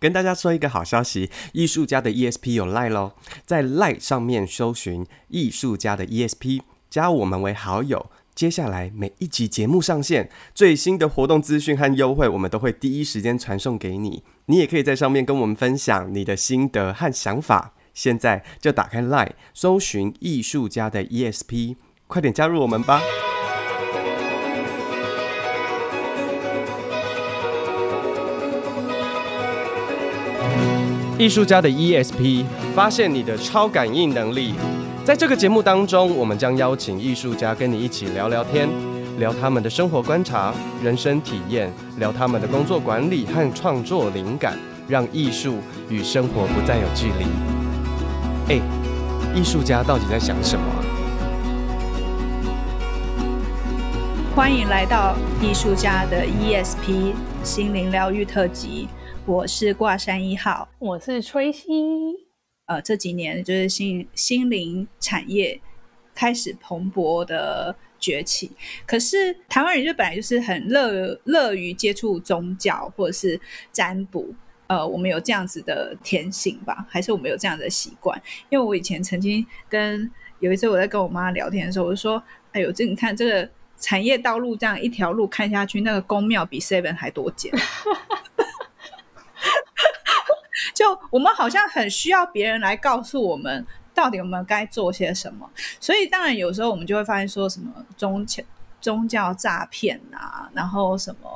跟大家說一個好消息，藝術家的 ESP 有 Line 咯。在 Line 上面搜尋藝術家的 ESP，加我們為好友。接下來每一集節目上線，最新的活動資訊和優惠，我們都會第一時間傳送給你。你也可以在上面跟我們分享你的心得和想法。現在就打開 Line，搜尋藝術家的 ESP，快點加入我們吧！藝術家的 ESP 發現你的超感應能力，在這個節目當中，我們將邀請藝術家跟你一起聊聊天，聊他們的生活觀察、人生體驗，聊他們的工作管理和創作靈感，讓藝術與生活不再有距離。哎、欸，藝術家到底在想什麼？歡迎來到藝術家的 ESP 心靈療癒特輯。我是卦山一號，我是崔西。呃，這幾年就是心心靈產業開始蓬勃的崛起。可是台灣人就本來就是很樂樂於接觸宗教或者是占卜。呃，我們有這樣子的天性吧？還是我們有這樣的習慣？因為我以前曾經跟有一次我在跟我媽聊天的時候，我就說：“哎呦，這你看這個產業道路這樣一條路看下去，那個宮廟比 Seven 還多間。 ”就我們好像很需要別人來告訴我們到底我們該做些什麼，所以當然有時候我們就會發現說什麼宗教宗教詐騙啊，然後什麼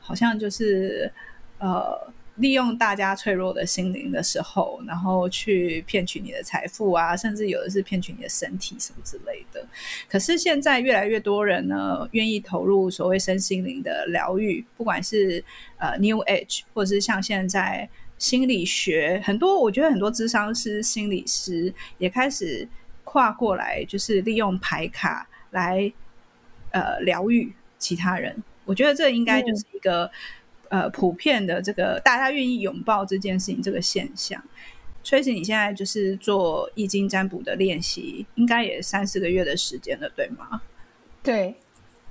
好像就是呃利用大家脆弱的心靈的時候，然後去騙取你的財富啊，甚至有的是騙取你的身體什麼之類的。可是現在越來越多人呢，願意投入所謂身心靈的療癒，不管是呃 New Age，或者是像現在。心理學很多，我覺得很多諮商師、心理師也開始跨過來，就是利用牌卡來呃療癒其他人。我覺得這應該就是一個、嗯、呃普遍的這個大家願意擁抱這件事情這個現象。所以，你現在就是做易經占卜的練習，應該也三四個月的時間了，對嗎？對。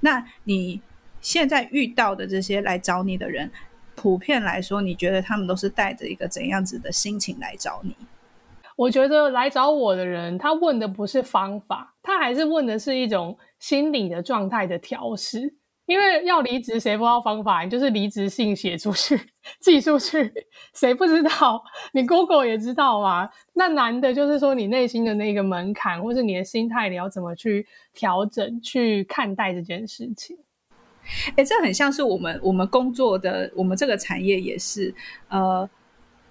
那你現在遇到的這些來找你的人？普遍來說，你覺得他們都是帶着一個怎樣子的心情來找你？我覺得來找我的人，他問的不是方法，他還是問的是一種心理的狀態的調試。因為要離職，誰不知道方法？你就是離職信寫出去，寄出去，誰不知道？你 Google 也知道嘛？那難的就是說你內心的那個門檻，或是你的心態，你要怎麼去調整、去看待這件事情？誒、欸，這很像是我們我們工作的，我們這個產業也是，呃。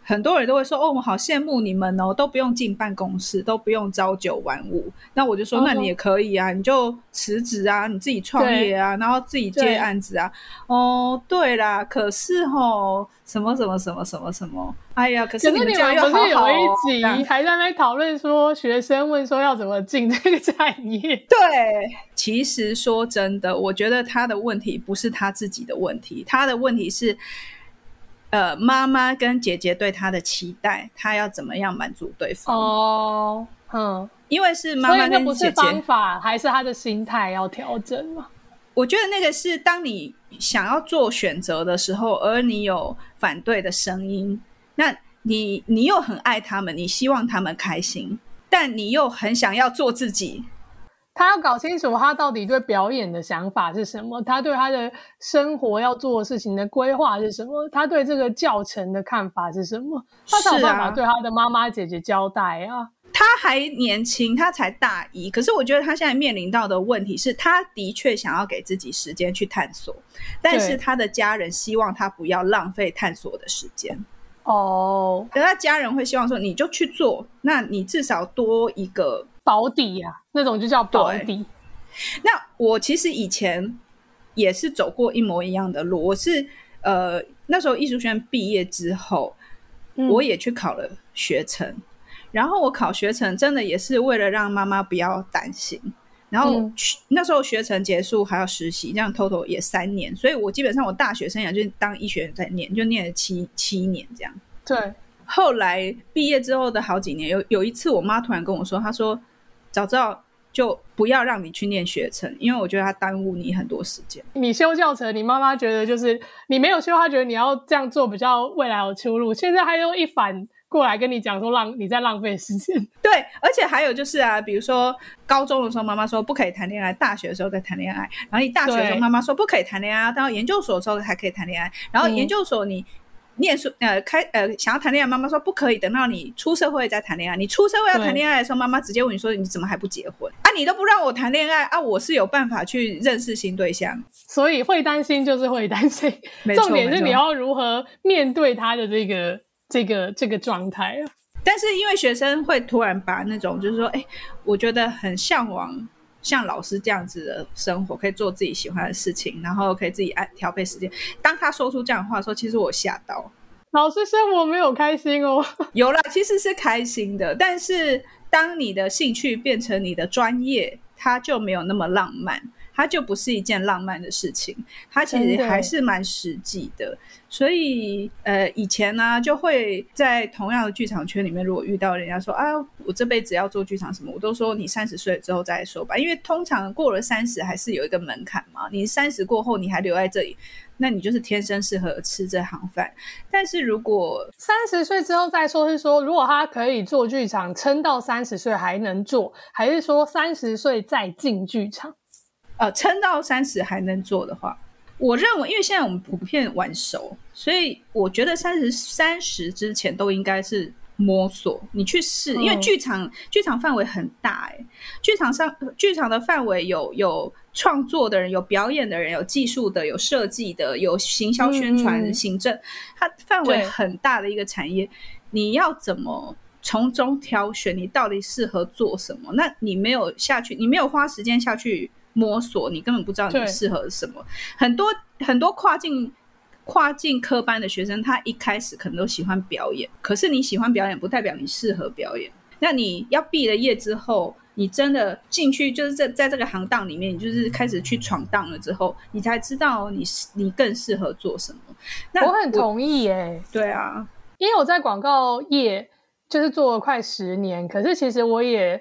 很多人都會說：“哦，我好羨慕你們哦，都不用進辦公室，都不用朝九晚五。”那我就說、哦：“那你也可以啊，你就辭職啊，你自己創業啊，然後自己接案子啊。”哦，對啦，可是吼，什麼什麼什麼什麼什麼？哎呀，可是你們教育、哦、有一集還在那討論說，學生問說要怎麼進這個產業？對，其實說真的，我覺得他的問題不是他自己的問題，他的問題是。呃，媽媽跟姐姐對他的期待，他要怎麼樣滿足對方？哦，嗯，因為是媽媽跟姐姐，那不是方法，還是他的心態要調整嘛。我覺得那個是當你想要做選擇的時候，而你有反對的聲音，那你你又很愛他們，你希望他們開心，但你又很想要做自己。他要搞清楚他到底對表演的想法是什麼，他對他的生活要做的事情的規劃是什麼，他對這個教程的看法是什麼，他想辦法對他的媽媽姐姐交代啊，啊。他還年輕，他才大一，可是我覺得他現在面臨到的問題是，他的確想要給自己時間去探索，但是他的家人希望他不要浪費探索的時間。哦，那他家人會希望說，你就去做，那你至少多一個。保底呀，啊，那種就叫保底。那我其實以前也是走過一模一樣的路。我是呃那時候藝術學院畢業之後，嗯，我也去考了學程，然後我考學程真的也是為了讓媽媽不要擔心。然後、嗯、那時候學程結束還要實習，這樣 total 也三年，所以我基本上我大學生涯就當醫學院在念，就念了七七年這樣。對，後來畢業之後的好幾年，有有一次我媽突然跟我說，她說，早知道就不要讓你去念學程，因為我覺得它耽誤你很多時間。你修教程，你媽媽覺得就是你沒有修，她覺得你要這樣做比較未來有出路。現在她又一反過來跟你講說浪你在浪費時間。對，而且還有就是啊，比如說高中的時候媽媽說不可以談戀愛，大學的時候再談戀愛，然後你大學的時候媽媽說不可以談戀愛，到研究所的時候才可以談戀愛，然後研究所你。嗯你也說呃，開呃，想要談戀愛，媽媽說不可以，等到你出社會再談戀愛。你出社會要談戀愛的時候，媽媽直接問你說：“你怎麼還不結婚啊？你都不讓我談戀愛啊！我是有辦法去認識新對象。”所以會擔心，就是會擔心。重點是你要如何面對他的這個、這個、這個狀態啊？但是因為學生會突然把那種，就是說，哎、欸，我覺得很向往。像老師這樣子的生活，可以做自己喜歡的事情，然後可以自己按調配時間。當他說出這樣的話的時候，說其實我嚇到，老師生活沒有開心哦？有啦，其實是開心的，但是當你的興趣變成你的專業，他就沒有那麼浪漫，它就不是一件浪漫的事情，它其實還是蠻實際的。欸、所以，呃，以前呢、啊，就會在同樣的劇場圈裡面，如果遇到人家說啊，我這輩子要做劇場什麼，我都說你三十歲之後再說吧。因為通常過了三十還是有一個門檻嘛。你三十過後你還留在這裡，那你就是天生適合吃這行飯。但是如果三十歲之後再說，是說如果他可以做劇場，撐到三十歲還能做，還是說三十歲再進劇場？呃，撐到三十還能做的話，我認為，因為現在我們普遍晚熟，所以我覺得三十三十，之前都應該是摸索。你去試、嗯，因為劇場劇場範圍很大、欸，哎，劇場上劇場的範圍有有創作的人，有表演的人，有技術的，有設計的，有行銷宣傳、嗯、行政，它範圍很大的一個產業。你要怎麼從中挑選？你到底適合做什麼？那你沒有下去，你沒有花時間下去。摸索，你根本不知道你適合什麼。很多很多跨境跨境科班的學生，他一開始可能都喜歡表演，可是你喜歡表演，不代表你適合表演。那你要畢了業之後，你真的進去，就是在在這個行當裡面，你就是開始去闖蕩了之後，你才知道你你更適合做什麼。那我，我很同意耶、欸，對啊，因為我在廣告業就是做了快十年，可是其實我也。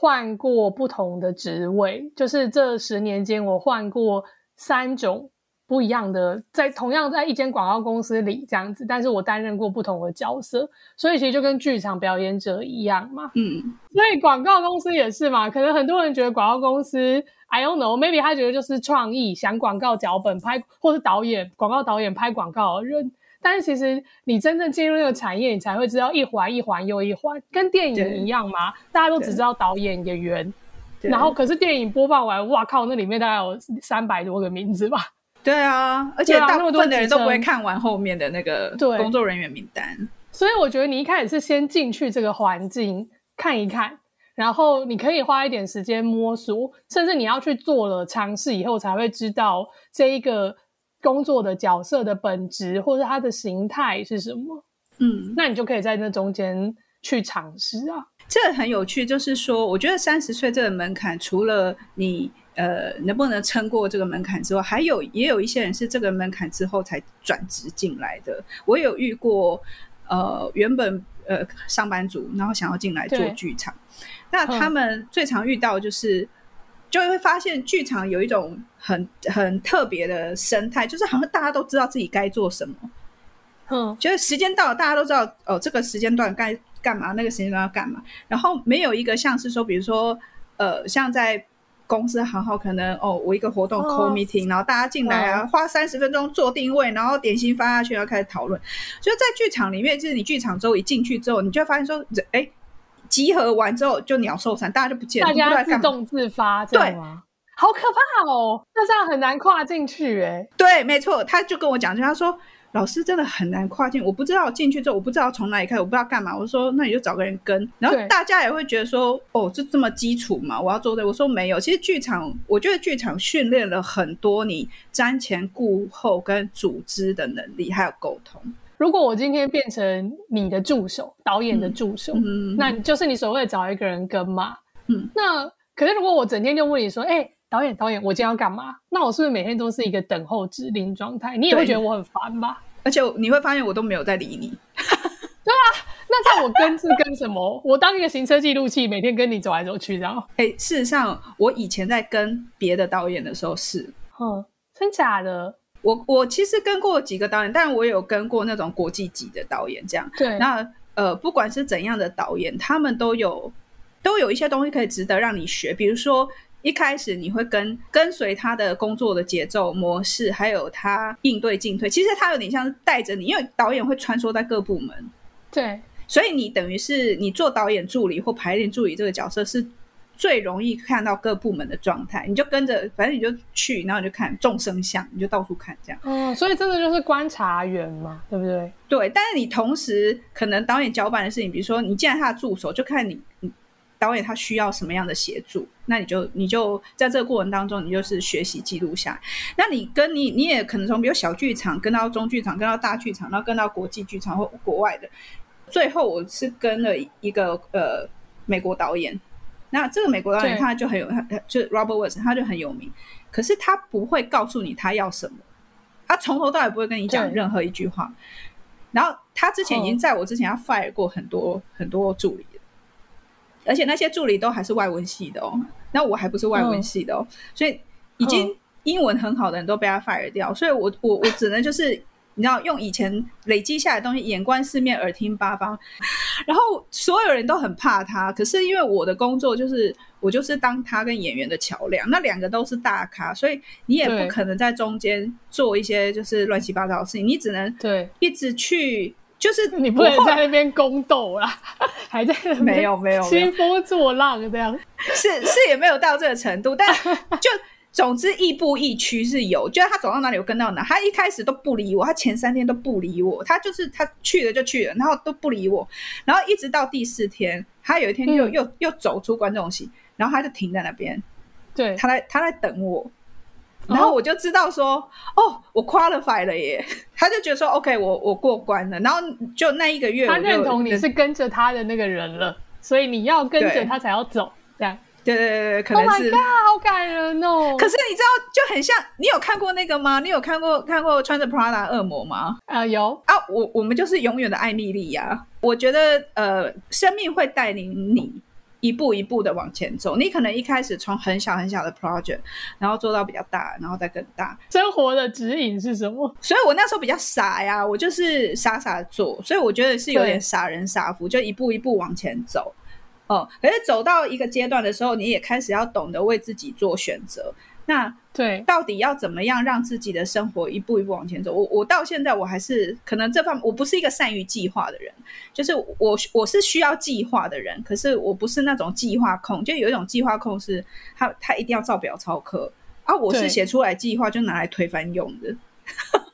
換過不同的職位，就是這十年間，我換過三種不一樣的，在同樣在一間廣告公司裡這樣子，但是我擔任過不同的角色，所以其實就跟劇場表演者一樣嘛。嗯，所以廣告公司也是嘛，可能很多人覺得廣告公司，I don't know，maybe 他覺得就是創意，想廣告腳本拍，或是導演，廣告導演拍廣告人但是其實你真正進入那個產業，你才會知道一環一環又一環，跟電影一樣嘛。大家都只知道導演、演員，然後可是電影播放完，哇靠，那裡面大概有三百多個名字吧。對啊，而且大部分的人都不會看完後面的那個工作人員名單。所以我覺得你一開始是先進去這個環境看一看，然後你可以花一點時間摸熟，甚至你要去做了嘗試以後，才會知道這一個工作的角色的本質或者他的形態是什麼？嗯，那你就可以在那中間去嘗試啊。這很有趣，就是說，我覺得三十歲這個門檻，除了你呃能不能撐過這個門檻之外，還有也有一些人是這個門檻之後才轉職進來的。我有遇過，呃，原本呃上班族，然後想要進來做劇場，那他們最常遇到就是。嗯就會發現劇場有一種很很特別的生態，就是好像大家都知道自己該做什麼。哼、嗯，就是時間到了，大家都知道哦，這個時間段該幹嘛，那個時間段要幹嘛。然後沒有一個像是說，比如說呃，像在公司行號可能哦，我一個活動 call meeting、哦、然後大家進來啊，花三十分鐘做定位，然後點心發下去，要開始討論。所以在劇場裡面，就是你劇場週一進去之後，你就發現說，哎、欸。集合完之後就鳥獸散，大家就不見了，大家自動自發，對，好可怕哦，那這樣很難跨進去哎。對，沒錯，他就跟我講，他說老師真的很難跨進，我不知道進去之後，我不知道從哪裡開始，我不知道幹嘛。我就說那你就找個人跟，然後大家也會覺得說，哦，就這這麼基礎嘛，我要做對。我說沒有，其實劇場，我覺得劇場訓練了很多你瞻前顧後跟組織的能力，還有溝通。如果我今天變成你的助手，導演的助手，嗯嗯、那就是你所謂的找一個人跟嘛。嗯、那可是如果我整天就問你說：“哎、欸，導演，導演，我今天要幹嘛？”那我是不是每天都是一個等候指令狀態？你也會覺得我很煩吧？而且你會發現我都沒有在理你。 對啊，那在我跟是跟什麼？ 我當一個行車記錄器，每天跟你走來走去這樣，然後……哎，事實上，我以前在跟別的導演的時候是，哼、嗯，真假的。我我其實跟過幾個導演，但我也有跟過那種國際級的導演這樣。對。那呃，不管是怎樣的導演，他們都有都有一些東西可以值得讓你學。比如說，一開始你會跟跟隨他的工作的節奏模式，還有他應對進退。其實他有點像是帶着你，因為導演會穿梭在各部門。對。所以你等於是你做導演助理或排練助理這個角色是。最容易看到各部門的狀態，你就跟着，反正你就去，然後你就看眾生相，你就到處看這樣。哦、嗯，所以真的就是觀察員嘛，對不對？對，但是你同時可能導演交辦的事情，比如說你見他的助手，就看你，你導演他需要什麼樣的協助，那你就你就在這個過程當中，你就是學習記錄下。那你跟你你也可能從比如小劇場跟到中劇場，跟到大劇場，然後跟到國際劇場或國外的。最後我是跟了一個呃美國導演。那這個美國導演他就很有他他就 Robert Wise，他就很有名，可是他不會告訴你他要什麼，他從頭到尾不會跟你講任何一句話，然後他之前已經在我之前要 fire 過很多、嗯、很多助理，而且那些助理都還是外文系的哦，那我還不是外文系的哦，嗯、所以已經英文很好的人都被他 fire 掉，所以我我我只能就是 你知道用以前累積下來的東西，眼觀四面耳聽八方。然後所有人都很怕他，可是因為我的工作就是我就是當他跟演員的橋樑，那兩個都是大咖，所以你也不可能在中間做一些就是亂七八糟的事情，你只能對一直去，就是你不能在那邊宮鬥啦還在那邊沒有沒有興風作浪這樣，是是也沒有到這個程度， 但就。 總之，亦步亦趨是有，就是他走到哪裡我跟到哪。他一開始都不理我，他前三天都不理我，他就是他去了就去了，然後都不理我。然後一直到第四天，他有一天又、嗯、又又走出觀眾席，然後他就停在那邊，對，他在他在等我。然後我就知道說，哦，哦我 qualify 了耶，他就覺得說，OK，我我過關了。然後就那一個月，他認同你是跟着他的那個人了，所以你要跟着他才要走，這樣。對對對對，可能是。Oh my God，好感人哦！可是你知道，就很像你有看過那個嗎？你有看過看過穿着 Prada 的惡魔嗎？啊、uh,，有啊！我我們就是永遠的艾米莉呀。我覺得呃，生命會帶領你一步一步的往前走。你可能一開始從很小很小的 project，然後做到比較大，然後再更大。生活的指引是什麼？所以我那時候比較傻呀，我就是傻傻的做。所以我覺得是有點傻人傻福，就一步一步往前走。哦，可是走到一個階段的時候，你也開始要懂得為自己做選擇。那對，到底要怎麼樣讓自己的生活一步一步往前走？我我到現在我還是可能這方面，我不是一個善於計劃的人，就是我我是需要計劃的人，可是我不是那種計劃控，就有一種計劃控是他他一定要照表操課啊，我是寫出來計劃就拿來推翻用的。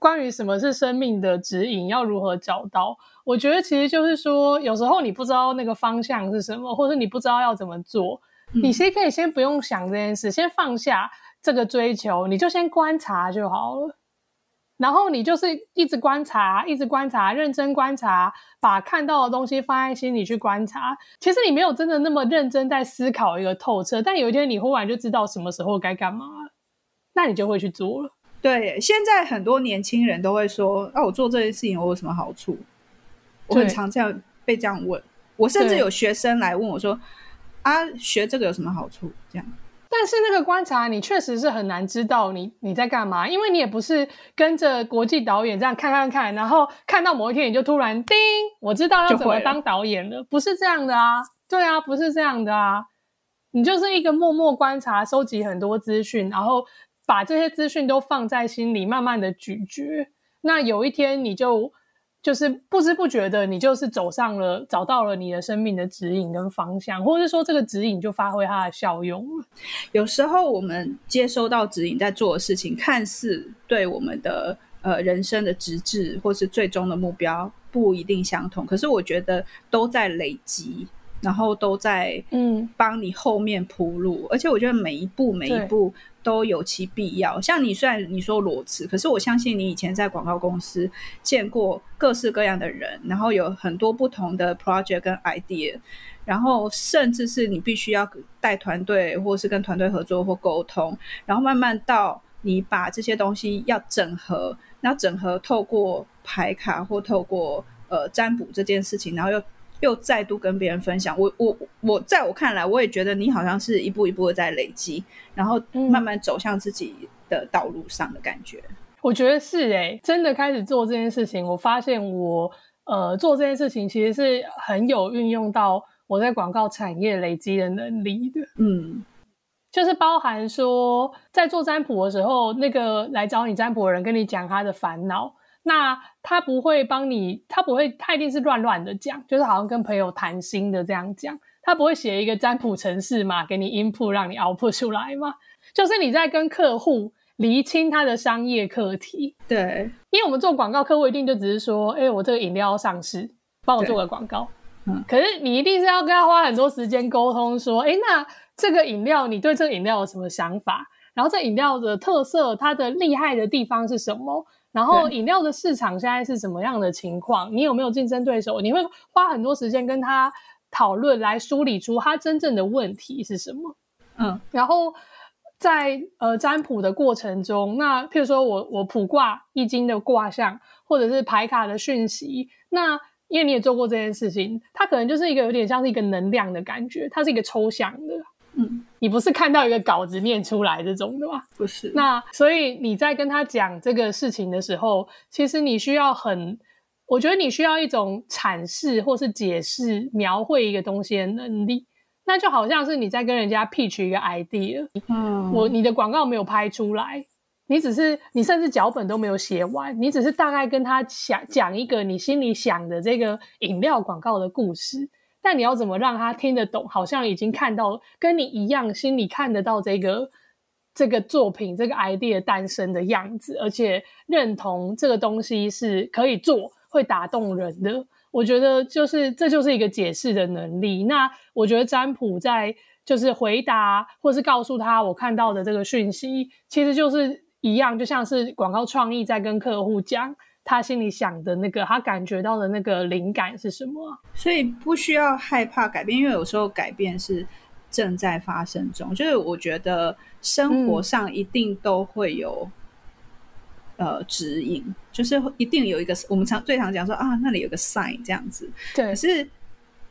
關於什麼是生命的指引，要如何找到？我覺得其實就是說，有時候你不知道那個方向是什麼，或者你不知道要怎麼做，嗯，你其實可以先不用想這件事，先放下這個追求，你就先觀察就好了。然後你就是一直觀察，一直觀察，認真觀察，把看到的東西放在心裡去觀察。其實你沒有真的那麼認真在思考一個透徹，但有一天你忽然就知道什麼時候該幹嘛了，那你就會去做了。對，現在很多年輕人都會說：“那，啊，我做這些事情，我有什麼好處？”我很常這樣被這樣問。我甚至有學生來問我說：“啊，學這個有什麼好處？”這樣。但是那個觀察，你確實是很難知道你你在幹嘛，因為你也不是跟着國際導演這樣看看看，然後看到某一天你就突然叮，我知道要怎麼當導演了，了。不是這樣的啊，對啊，不是這樣的啊。你就是一個默默觀察，收集很多資訊，然後。把這些資訊都放在心裡，慢慢的咀嚼。那有一天你就就是不知不覺的，你就是走上了，找到了你的生命的指引跟方向，或者是說這個指引就發揮它的效用了。有時候我們接收到指引，在做的事情，看似對我們的呃人生的實質或是最終的目標不一定相同，可是我覺得都在累積。然後都在嗯幫你後面鋪路、嗯，而且我覺得每一步每一步都有其必要。像你雖然你說裸辭，可是我相信你以前在廣告公司見過各式各樣的人，然後有很多不同的 project 跟 idea，然後甚至是你必須要帶團隊或是跟團隊合作或溝通，然後慢慢到你把這些東西要整合，那整合透過牌卡或透過呃占卜這件事情，然後又。又再度跟別人分享，我我我，在我看來，我也覺得你好像是一步一步的在累積，然後慢慢走向自己的道路上的感覺。嗯，我覺得是誒，欸，真的開始做這件事情，我發現我呃做這件事情其實是很有運用到我在廣告產業累積的能力的。嗯，就是包含說在做占卜的時候，那個來找你占卜的人跟你講他的煩惱。那他不會幫你，他不會，他一定是亂亂的講，就是好像跟朋友談心的這樣講。他不會寫一個占卜程式嘛，給你 input 讓你熬 t 出來嘛？就是你在跟客戶釐清他的商業課題。對，因為我們做廣告，客戶一定就只是說：“哎、欸，我這個飲料要上市，幫我做個廣告。”嗯，可是你一定是要跟他花很多時間溝通，說：“哎、欸，那這個飲料，你對這飲料有什麼想法？然後這飲料的特色，它的厲害的地方是什麼？”然後飲料的市場現在是怎麼樣的情況？你有沒有競爭對手？你會花很多時間跟他討論，來梳理出他真正的問題是什麼？嗯，然後在呃占卜的過程中，那譬如說我我卜卦《易經》的卦象，或者是牌卡的訊息，那因為你也做過這件事情，它可能就是一個有點像是一個能量的感覺，它是一個抽象的。嗯，你不是看到一個稿子念出來這種的嗎？不是。那所以你在跟他講這個事情的時候，其實你需要很，我覺得你需要一種闡釋或是解釋、描繪一個東西的能力。那就好像是你在跟人家 pitch 一個 idea。嗯，我你的廣告沒有拍出來，你只是你甚至腳本都沒有寫完，你只是大概跟他講講一個你心裡想的這個飲料廣告的故事。但你要怎麼讓他聽得懂？好像已經看到跟你一樣，心裡看得到這個這個作品、這個 idea 誕生的樣子，而且認同這個東西是可以做、會打動人的。我覺得就是這就是一個解釋的能力。那我覺得占卜在就是回答，或是告訴他我看到的這個訊息，其實就是一樣，就像是廣告創意在跟客戶講。他心裡想的那個，他感覺到的那個靈感是什麼？所以不需要害怕改變，因為有時候改變是正在發生中。就是我覺得生活上一定都會有、嗯、呃指引，就是一定有一個我們常最常講說啊，那裡有個 sign 這樣子。對，可是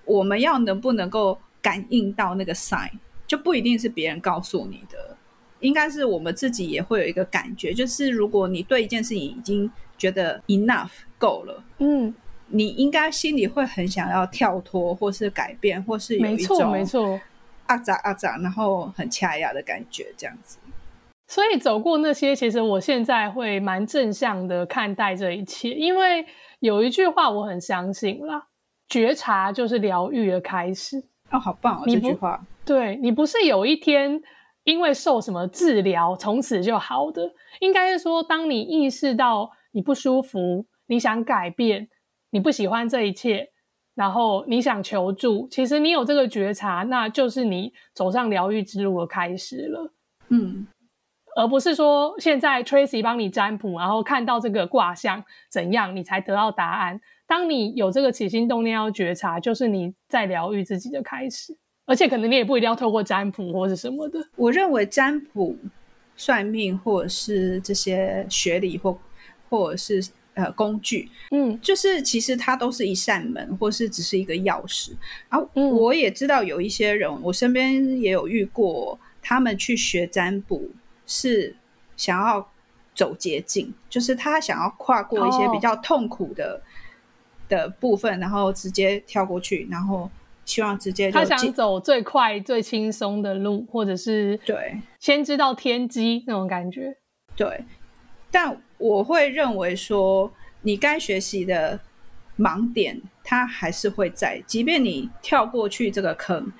我們要能不能夠感應到那個 sign，就不一定是別人告訴你的，應該是我們自己也會有一個感覺。就是如果你對一件事情已經覺得 enough 夠了，嗯，你應該心裡會很想要跳脫，或是改變，或是有一種沒錯沒錯，啊咋啊咋然後很愜意的感覺，這樣子。所以走過那些，其實我現在會蠻正向的看待這一切，因為有一句話我很相信啦：覺察就是療癒的開始。哦，好棒哦！這句話，對，你不是有一天因為受什麼治療從此就好的，應該是說當你意識到。你不舒服，你想改變，你不喜歡這一切，然後你想求助。其實你有這個覺察，那就是你走上療癒之路的開始了。嗯，而不是說現在 Tracy 幫你占卜，然後看到這個卦象怎樣，你才得到答案。當你有這個起心動念要覺察，就是你在療癒自己的開始。而且可能你也不一定要透過占卜或是什麼的。我認為占卜、算命或者是這些學理或或者是呃工具，嗯，就是其實它都是一扇門，或是只是一個鑰匙。啊、嗯，我也知道有一些人，我身邊也有遇過，他們去學占卜是想要走捷徑，就是他想要跨過一些比較痛苦的、哦、的部分，然後直接跳過去，然後希望直接就他想走最快、最輕鬆的路，或者是對先知道天機那種感覺，對，但。我會認為說，你該學習的盲點，它還是會在。即便你跳過去這個坑，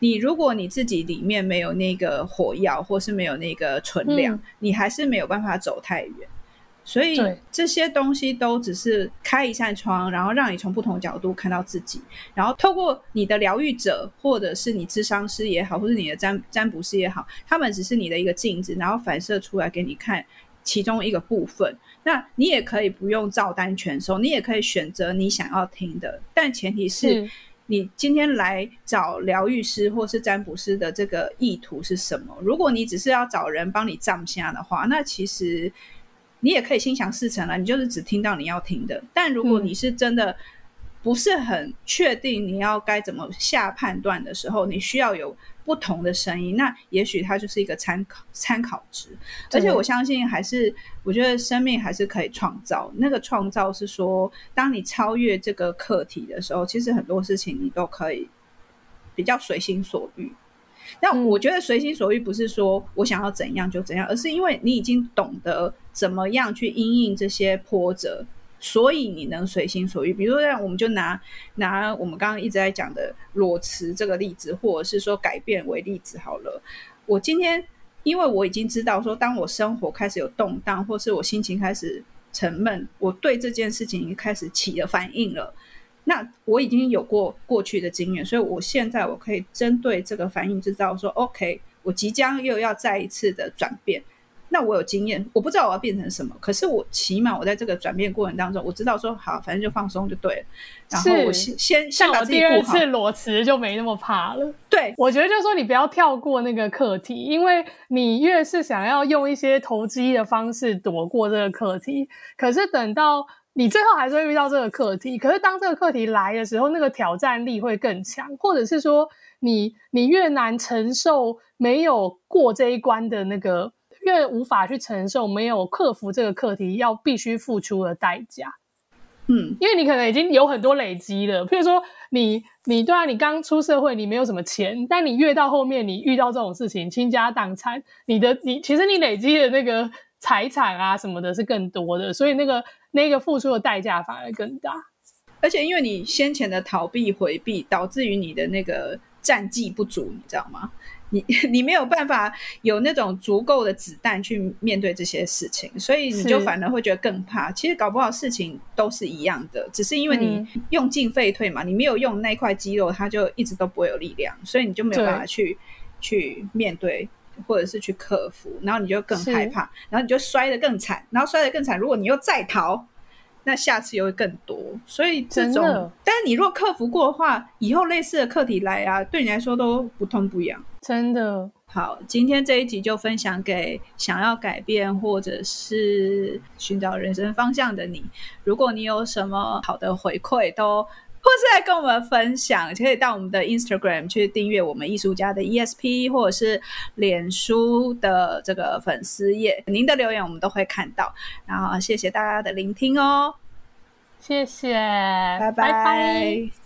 你如果你自己裡面沒有那個火藥，或是沒有那個存量，你還是沒有辦法走太遠。所以這些東西都只是開一扇窗，然後讓你從不同角度看到自己。然後透過你的療癒者，或者是你諮商師也好，或者是你的占占卜師也好，他們只是你的一個鏡子，然後反射出來給你看。其中一個部分，那你也可以不用照單全收，你也可以選擇你想要聽的，但前提是，嗯，你今天來找療癒師或是占卜師的這個意圖是什麼？如果你只是要找人幫你占卜的話，那其實你也可以心想事成了，你就是只聽到你要聽的。但如果你是真的，嗯不是很確定你要該怎麼下判斷的時候，你需要有不同的聲音。那也許它就是一個參考參考值。而且我相信，還是、嗯、我覺得生命還是可以創造。那個創造是說，當你超越這個課題的時候，其實很多事情你都可以比較隨心所欲。但我覺得隨心所欲不是說我想要怎樣就怎樣，而是因為你已經懂得怎麼樣去因應這些波折。所以你能隨心所欲，比如說這樣，我們就拿拿我們剛剛一直在講的裸辭這個例子，或者是說改變為例子好了。我今天因為我已經知道說，當我生活開始有動盪，或是我心情開始沉悶，我對這件事情已經開始起了反應了。那我已經有過過去的經驗，所以我現在我可以針對這個反應知道說，OK，我即將又要再一次的轉變。那我有經驗，我不知道我要變成什麼，可是我起碼我在這個轉變過程當中，我知道說好，反正就放鬆就對了。然後我先先先像我第二次裸辭就沒那麼怕了。對，我覺得就是說你不要跳過那個課題，因為你越是想要用一些投機的方式躲過這個課題，可是等到你最後還是會遇到這個課題。可是當這個課題來的時候，那個挑戰力會更強，或者是說你你越難承受沒有過這一關的那個。越無法去承受，沒有克服這個課題要必須付出的代價，嗯，因為你可能已經有很多累積了，譬如說你，你對啊，你剛出社會，你沒有什麼錢，但你越到後面，你遇到這種事情，傾家蕩產，你的你其實你累積的那個財產啊什麼的是更多的，所以那個那個付出的代價反而更大。而且因為你先前的逃避回避，導致於你的那個戰績不足，你知道嗎？你你沒有辦法有那種足夠的子彈去面對這些事情，所以你就反而會覺得更怕。其實搞不好事情都是一樣的，只是因為你用進廢退嘛、嗯，你沒有用那塊肌肉，它就一直都不會有力量，所以你就沒有辦法去去面對或者是去克服，然後你就更害怕，然後你就摔得更慘，然後摔得更慘，如果你又再逃。那下次又會更多，所以這種，真的。但是你如果克服過的話，以後類似的課題來啊，對你來說都不痛不癢。真的。好，今天這一集就分享給想要改變或者是尋找人生方向的你。如果你有什麼好的回饋，都。或是來跟我們分享，可以到我們的 Instagram 去訂閱我們藝術家的 ESP，或者是臉書的這個粉絲頁，您的留言我們都會看到。然後謝謝大家的聆聽哦，謝謝，bye bye 拜拜。